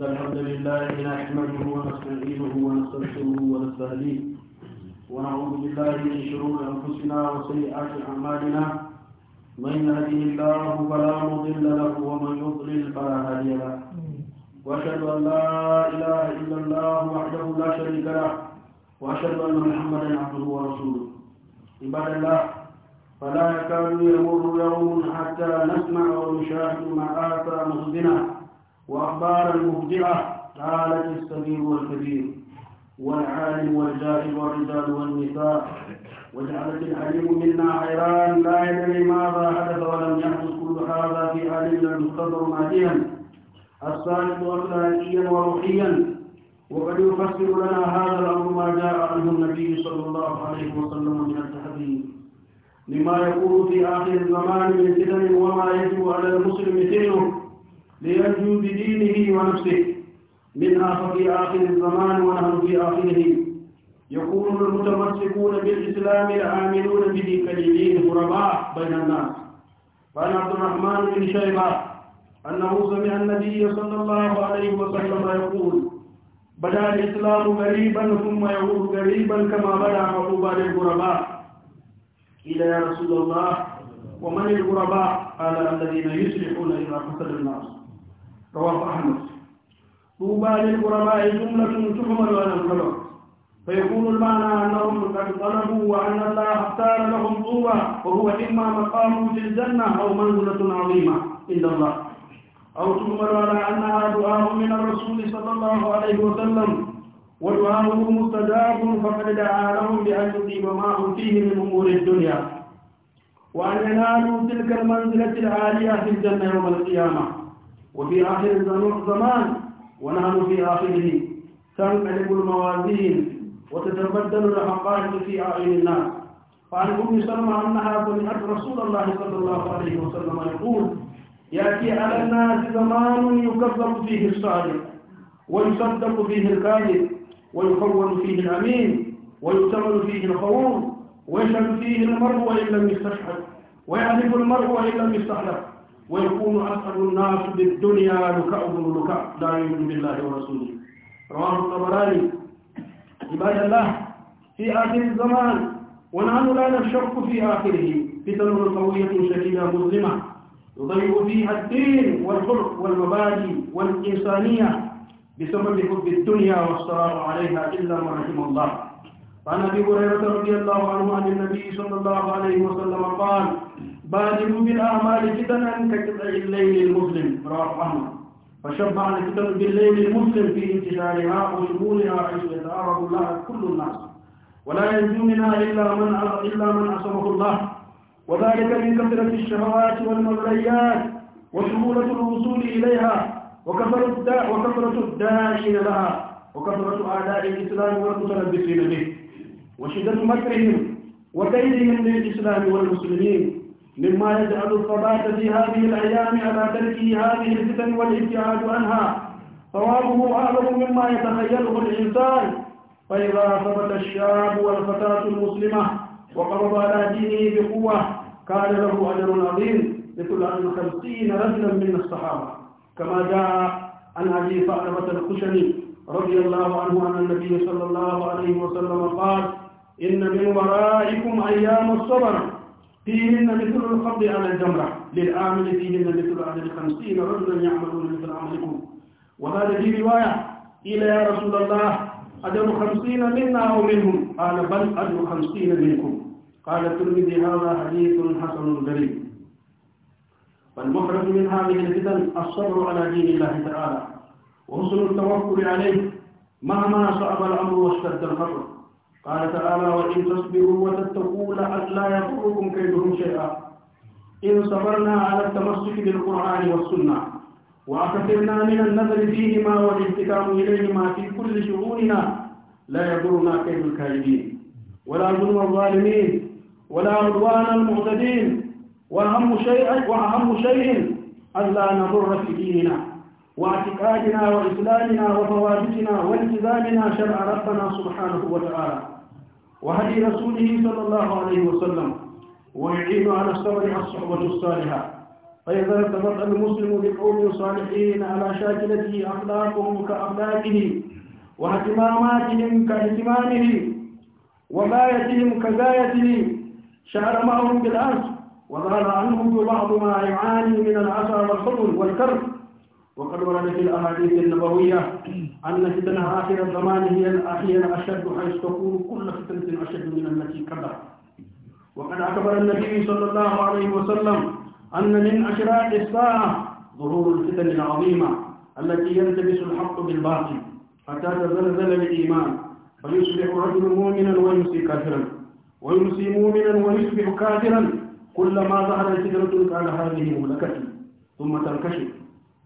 إن الحمد لله نحمده ونستعينه ونستغفره ونستهديه ونعوذ بالله من شرور أنفسنا وسيئات أعمالنا من يهده الله فلا مضل له ومن يضلل فلا هادي له وأشهد أن لا إله إلا الله وحده لا شريك له وأشهد أن محمدا عبده ورسوله عباد الله فلا يكاد يمر يوم حتى نسمع ونشاهد ما آثار مصدنا وأخبار المبدعة قالت الصغير والكبير والعالم والجاهل والرجال والنساء وجعلت العليم منا حيران لا يدري ماذا حدث ولم يحدث كل هذا في عالمنا المختصر ماديا الصالح أخلاقيا وروحيا وقد يفسر لنا هذا الأمر ما جاء عنه النبي صلى الله عليه وسلم من التحذير لما يكون في آخر الزمان من فتن وما يجب على لينجو بدينه ونفسه من آخر في آخر الزمان ونحن في آخره يكون المتمسكون بالإسلام العاملون به كليلين غرباء بين الناس قال عبد الرحمن بن شيبة أنه سمع النبي صلى الله عليه وسلم يقول بدا الإسلام غريبا ثم يعود غريبا كما بدا عقوبا للغرباء قيل يا رسول الله ومن الغرباء قال الذين يسرحون إلى قتل الناس رواه أحمد طوبى للقرباء جملة تحمل على الخلق فيكون المعنى أنهم قد طلبوا وأن الله اختار لهم طوبى وهو إما مقام في الجنة أو منزلة عظيمة عند الله أو تؤمر على أنها دعاء من الرسول صلى الله عليه وسلم ودعاؤه مستجاب فقد دعا لهم بأن يصيب ما هم فيه من أمور الدنيا وأن ينالوا تلك المنزلة العالية في الجنة يوم القيامة وفي آخر الزمان ونحن في آخره تنقلب الموازين وتتبدل الحقائق في أعين الناس فعن أم سلمة أنها سمعت رسول الله صلى الله عليه وسلم يقول يأتي على الناس زمان يكذب فيه الصادق ويصدق فيه الكاذب ويخون فيه الأمين ويؤتمن فيه الخون ويشهد فيه المرء وإن لم يستشهد ويعرف المرء وإن لم يستحلف ويكون أسعد الناس بالدنيا لكأهم لكأ لا يؤمن بالله ورسوله رواه الطبراني عباد الله في آخر الزمان ونحن لا نشك في آخره فتن قوية شديدة مظلمة يضيع فيها الدين والخلق والمبادئ والإنسانية بسبب حب الدنيا والصلاة عليها إلا ما رحم الله عن أبي هريرة رضي الله عنه عن النبي صلى الله عليه وسلم قال أعمال بالأعمال أن كقطع الليل المسلم رواه أحمد فشبع الفتن بالليل المسلم في انتشارها وشمولها حيث يتعرض لها كل الناس ولا ينجو منها إلا من إلا من عصمه الله وذلك من كثرة الشهوات والمغريات وسهولة الوصول إليها وكثرة وكثرة الداعين لها وكثرة أعداء الإسلام والمتلبسين به وشدة مكرهم وكيدهم للإسلام والمسلمين مما يجعل الصلاة في هذه الأيام على تركه هذه الفتن والابتعاد عنها ثوابه أعظم مما يتخيله الإنسان فإذا ثبت الشاب والفتاة المسلمة وقرب على دينه بقوة كان له أجر عظيم مثل عن خمسين رجلا من الصحابة كما جاء عن أبي ثعلبة الخشني رضي الله عنه عن النبي صلى الله عليه وسلم قال إن من ورائكم أيام الصبر فيهن مثل القبض على الجمرة للعامل فيهن مثل عدد خمسين رجلا يعملون مثل عملكم وهذا في رواية قيل يا رسول الله أجل خمسين منا أو منهم قال بل أجل خمسين منكم قال الترمذي هذا حديث حسن غريب والمخرج من هذه الفتن الصبر على دين الله تعالى وحسن التوكل عليه مهما صعب الأمر واشتد الخطر قال تعالى وإن تصبروا وتتقوا لا يضركم كيدهم شيئا إن صبرنا على التمسك بالقرآن والسنة وأكثرنا من النظر فيهما والالتكام إليهما في كل شؤوننا لا يضرنا كيد الكاذبين ولا ظلم الظالمين ولا عدوان المعتدين وأهم شيء وأهم شيء ألا نضر في ديننا واعتقادنا وإسلامنا وفوائدنا والتزامنا شرع ربنا سبحانه وتعالى وهدي رسوله صلى الله عليه وسلم ويعين على الصبر الصحبة الصالحة فإذا ارتبط المسلم بقوم صالحين على شاكلته أخلاقهم كأخلاقه واهتماماتهم كاهتمامه وغايتهم كغايته شعر معهم بالأرض وظهر عنهم بعض ما يعاني من العسى والخلل والكرب وقد ورد في الأحاديث النبوية أن فتنة آخر الزمان هي الأخيرة أشد حيث تكون كل فتنة أشد من التي قبلها وقد أخبر النبي صلى الله عليه وسلم أن من اشراق الساعة ظهور الفتن العظيمة التي يلتبس الحق بالباطل حتى تزلزل الإيمان فيصبح رجل مؤمنا ويمسي كافرا ويمسي مؤمنا ويصبح كافرا كلما ظهر فتنة قال هذه مملكتي ثم تنكشف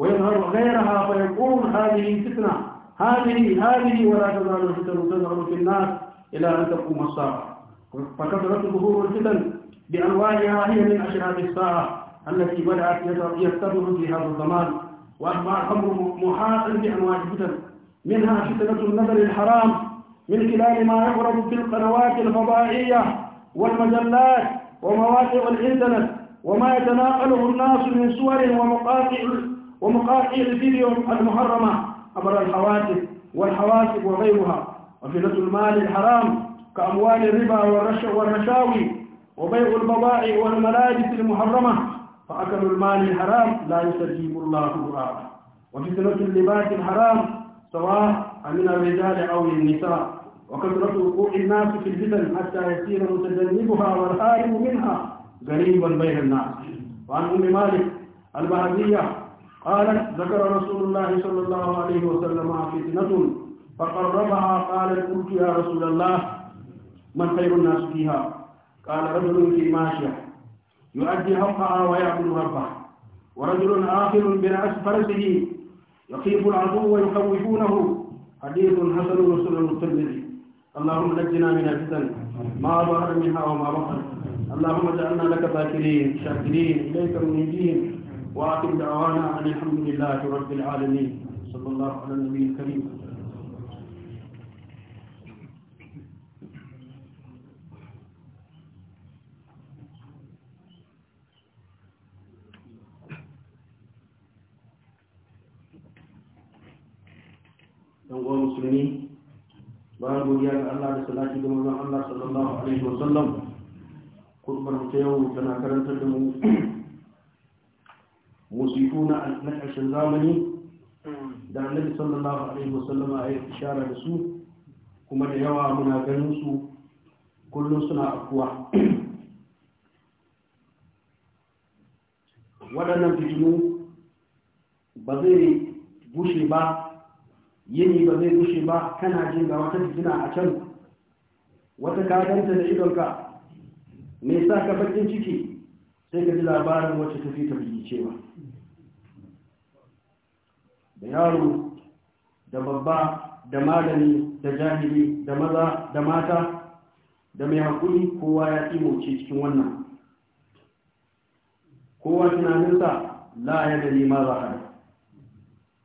ويظهر غيرها فيكون هذه فتنة هذه هذه ولا تزال الفتن تظهر في الناس إلى أن تقوم الساعة فكثرة ظهور الفتن بأنواعها هي من أشراف الساعة التي بدأت يفتتح في هذا الزمان وأصبح الأمر محاطا بأنواع الفتن منها فتنة النظر الحرام من خلال ما يعرض في القنوات الفضائية والمجلات ومواقع الإنترنت وما يتناقله الناس من صور ومقاطع ومقاطع الفيديو المحرمة عبر الحواسب والحواسب وغيرها وفلة المال الحرام كأموال الربا والرشاوي وبيع البضائع والملابس المحرمة فأكل المال الحرام لا يستجيب الله دعاءه وفتنة اللباس الحرام سواء من الرجال أو النساء وكثرة وقوع الناس في الفتن حتى يصير متجنبها والهارب منها قريبا بين الناس وعن أم مالك البهزية قالت ذكر رسول الله صلى الله عليه وسلم فتنة فقربها قالت قلت يا رسول الله من خير الناس فيها قال رجل في ماشية يؤدي حقها ويعبد ربه ورجل آخر برأس فرسه يخيف العدو ويخوفونه حديث حسن وسنن الترمذي اللهم نجنا من الفتن ما ظهر منها وما بطن اللهم اجعلنا لك ذاكرين شاكرين اليك منيبين وآخر دعوانا أن الحمد لله رب العالمين صلى الله على النبي الكريم musulmi bayan godiya ga Allah da salati ga manzon Allah sallallahu alaihi wasallam kurbar ta yau tana karantar da mu musiku na ƙarshen zamani da annabi sallallahu alaihi wasallama ya ishara da su kuma da yawa muna ganin su kullum suna afuwa waɗannan fitinu ba zai bushe ba yini ba zai bushe ba kana jin ga wata fitina a can wata kadanta da idonka me sa ka bakin ciki sai ka ji labarin wacce ta fi tafi cewa da yaro da babba da malami da jahili da maza da mata da mai haƙuri kowa ya tsimoce cikin wannan kowa tunaninsa la ya da nema za a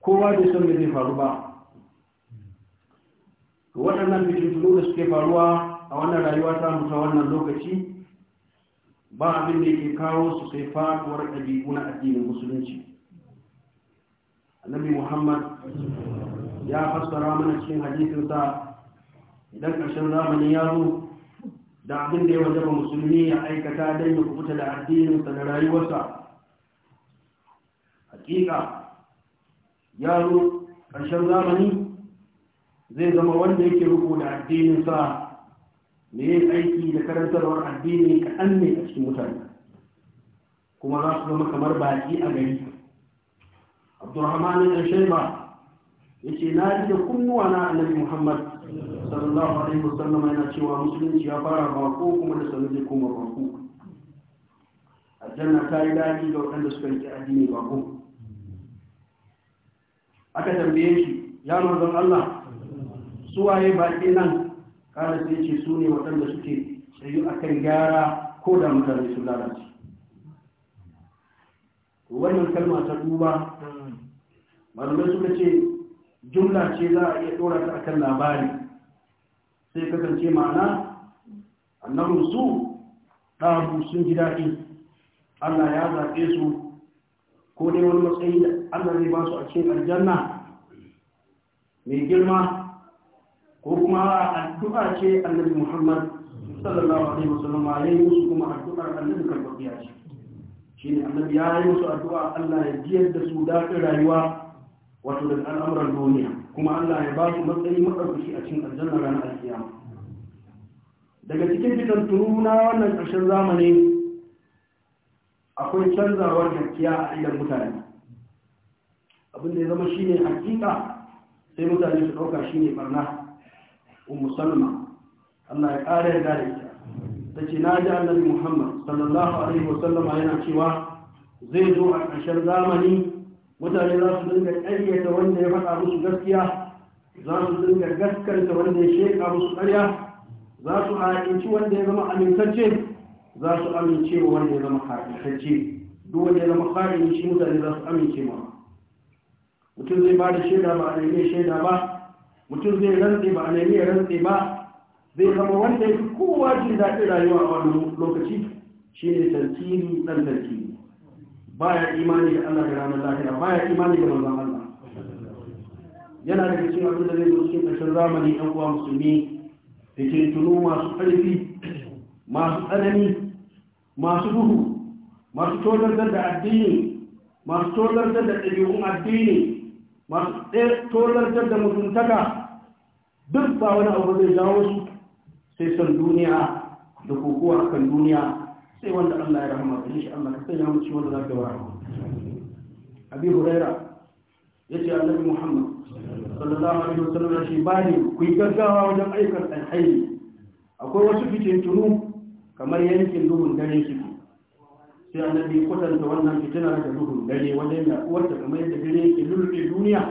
kowa bai son zai faru ba waɗannan fitintunu da suke faruwa a wannan rayuwa ta mutu wannan lokaci ba abin da yake kawo su sai faduwar ɗabi'u na addinin musulunci annabi muhammad ya fassara mana cikin hadisinsa idan ƙarshen zamani ya zo da abin da ya wajaba musulmi ya aikata don ya kubuta da addininsa da rayuwarsa hakika ya zo ƙarshen zamani zai zama wanda yake ruku da addininsa me aiki da karantarwar addini kaɗan ne a cikin mutane kuma za su zama kamar baki a gari abdurrahman ibn ya ce na ji da kunnuwa na annabi muhammad sallallahu alaihi wasallam yana cewa musulunci ya fara bako kuma da sanin zai koma bako aljanna ta yi daɗi ga waɗanda suka riƙe addini bako aka tambaye shi ya manzon allah suwaye baki nan kada sai ce su ne waɗanda suke tsayu akan gyara ko da mutane sun lalace wannan kalma ta duba malamai suka ce jumla ce za a iya ɗora ta akan labari sai kasance ma'ana annabin su ɗabu sun ji daɗi allah ya zaɓe su ko dai wani matsayi da allah zai ba su a cikin aljanna mai girma ko kuma addu'a ce annabi muhammad sallallahu alaihi wasallam ya yi musu kuma addu'ar annabi karbabiya ce shi ne annabi ya yi musu addu'a allah ya jiyar da su daɗin rayuwa wato daga al'amuran duniya kuma allah ya ba su matsayi maɗaukaki a cikin aljanna ranar alkiyama daga cikin fitan turuna wannan ƙarshen zamani akwai canzawar gaskiya a idan mutane Abin da ya zama shine hakika sai mutane su ɗauka shine barna ummu salma Allah ya ƙara ya gare ta ta ce na ji annabi muhammad sallallahu alaihi wasallama yana cewa zai zo a ƙarshen zamani mutane za su dinga ƙaryata wanda ya faɗa musu gaskiya za su dinga gaskanta wanda ya sheƙa musu ƙarya za su haƙinci wanda ya zama amintacce za su amince wa wanda ya zama haƙintacce duk wanda ya zama haƙinci mutane za su amince ma mutum zai ba da shaida ba a daidai shaida ba mutum zai rantse ba a nemi ya rantse ba zai zama wanda ya fi kowa jin daɗi rayuwa a wani lokaci shi ne tarkini ɗan tarkini ba ya imani da allah da ranar lahira ba ya imani da manzan allah yana da cikin abin da zai zo cikin ƙarshen zamani ɗan uwa musulmi da ke tunu masu ƙarfi masu tsanani masu duhu masu tolar da addini masu tolar da ɗabi'un addini masu tozartar da mutuntaka duk ba wani abu zai jawo su sai san duniya da kokowa kan duniya sai wanda Allah ya rahama da shi Allah ka sai ya mutu wanda za ka wa Abi Huraira yace Annabi Muhammad sallallahu alaihi wasallam ya ce bani ku yi gaggawa wajen aikar alhairi akwai wasu fitintunu kamar yankin duhun dare suke sai annabi kwatanta wannan fitina da duhun dare wajen yaduwar ta kamar yadda gare yake lulluɓe duniya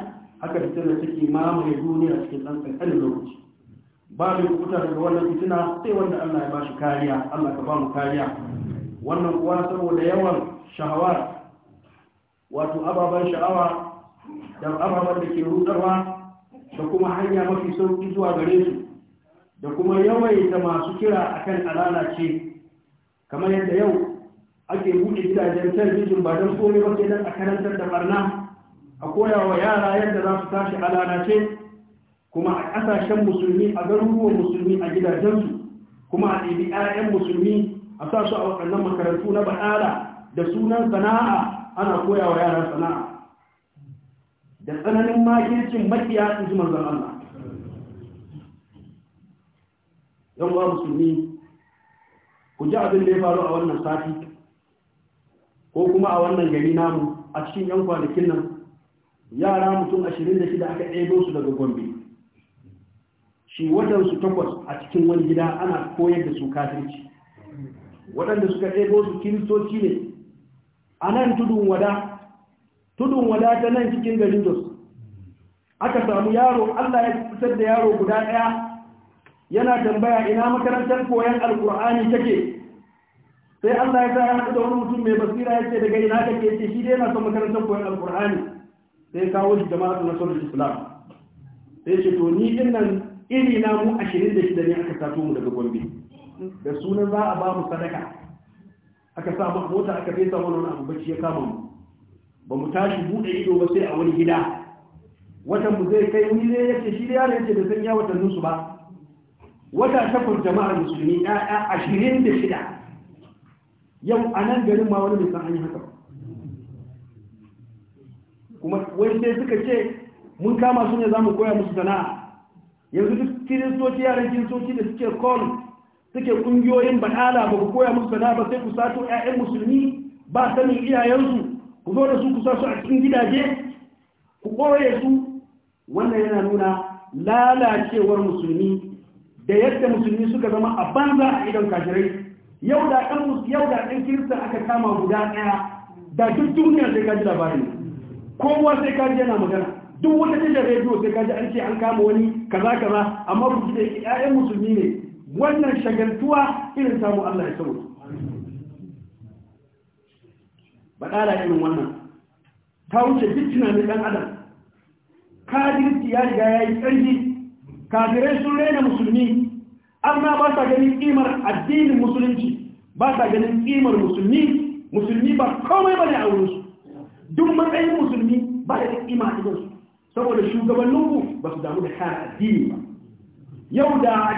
haka fitina take mamaye duniya cikin ɗan ƙanƙanin lokaci ba mai kuta daga wannan fitina sai wanda Allah ya bashi kariya Allah ka ba mu kariya wannan kuwa saboda yawan shahawa wato ababen sha'awa da ababen da ke rudarwa da kuma hanya mafi sauki zuwa gare su da kuma yawaita masu kira akan alalace kamar yadda yau ake buɗe gidajen talbijin ba don komai ba sai don a karantar da barna a koya wa yara yadda za su tashi a lalace kuma a ƙasashen musulmi a garuruwan musulmi a gidajensu kuma a ɗibi 'ya'yan musulmi a sa su a waɗannan makarantu na baɗala da sunan sana'a ana koya wa yara sana'a da tsananin makircin makiya in ji manzan Allah yan uwa musulmi ku ji abin da ya faru a wannan sati ko kuma a wannan gari namu a cikin yan kwanakin nan yara mutum ashirin da shida aka ɗebo su daga gombe shi su takwas a cikin wani gida ana koyar da su kafirci waɗanda suka ɗebo su kiristoci ne a nan tudun wada tudun wada ta nan cikin garin jos aka samu yaro allah ya fitar da yaro guda ɗaya yana tambaya ina makarantar koyon alkur'ani take sai Allah ya kara da wani mutum mai basira ya ce daga ina kake ce shi dai yana son makarantar koyon alkur'ani sai kawo shi jama'atu na sunan islam sai ce to ni din nan iri na mu 26 ne aka sato mu daga gombe da sunan za a ba mu sadaka aka sa mu mota aka fesa mana wani abu bacci ya kama mu ba mu tashi bude ido ba sai a wani gida watan mu zai kai wani ne yake shi da yaro yake da sanya ya watannin ba wata takwas jama'ar musulmi ya'ya ashirin da shida yau a nan garin ma wani san yi haka kuma wani sai suka ce mun kama su ne za mu koya musu sana'a yanzu duk kiristoci yaran kiristoci da suke kol suke kungiyoyin baɗala ba ku koya musu sana'a ba sai ku sato 'ya'yan musulmi ba sanin iyayensu ku zo da su ku su a cikin gidaje ku ɓoye su wannan yana nuna lalacewar musulmi da yadda musulmi suka zama a banza a idan kashirai yau da ɗan yau da ɗan kirista aka kama guda ɗaya da duk duniya sai kaji labarin kowa sai kaji yana magana duk wata tashar rediyo sai kaji an ce an kama wani kaza kaza amma ku ce ƴaƴan musulmi ne wannan shagaltuwa irin samu Allah ya sauke da irin wannan ta wuce duk tunanin ɗan adam kadirci ya riga ya yi ƙarfi kafirai sun raina musulmi amma ba sa ganin kimar addinin musulunci ba sa ganin kimar musulmi musulmi ba komai bane a wurin su duk matsayin musulmi ba da kima a cikin su saboda shugabanninku ba su damu da kare addini ba yau da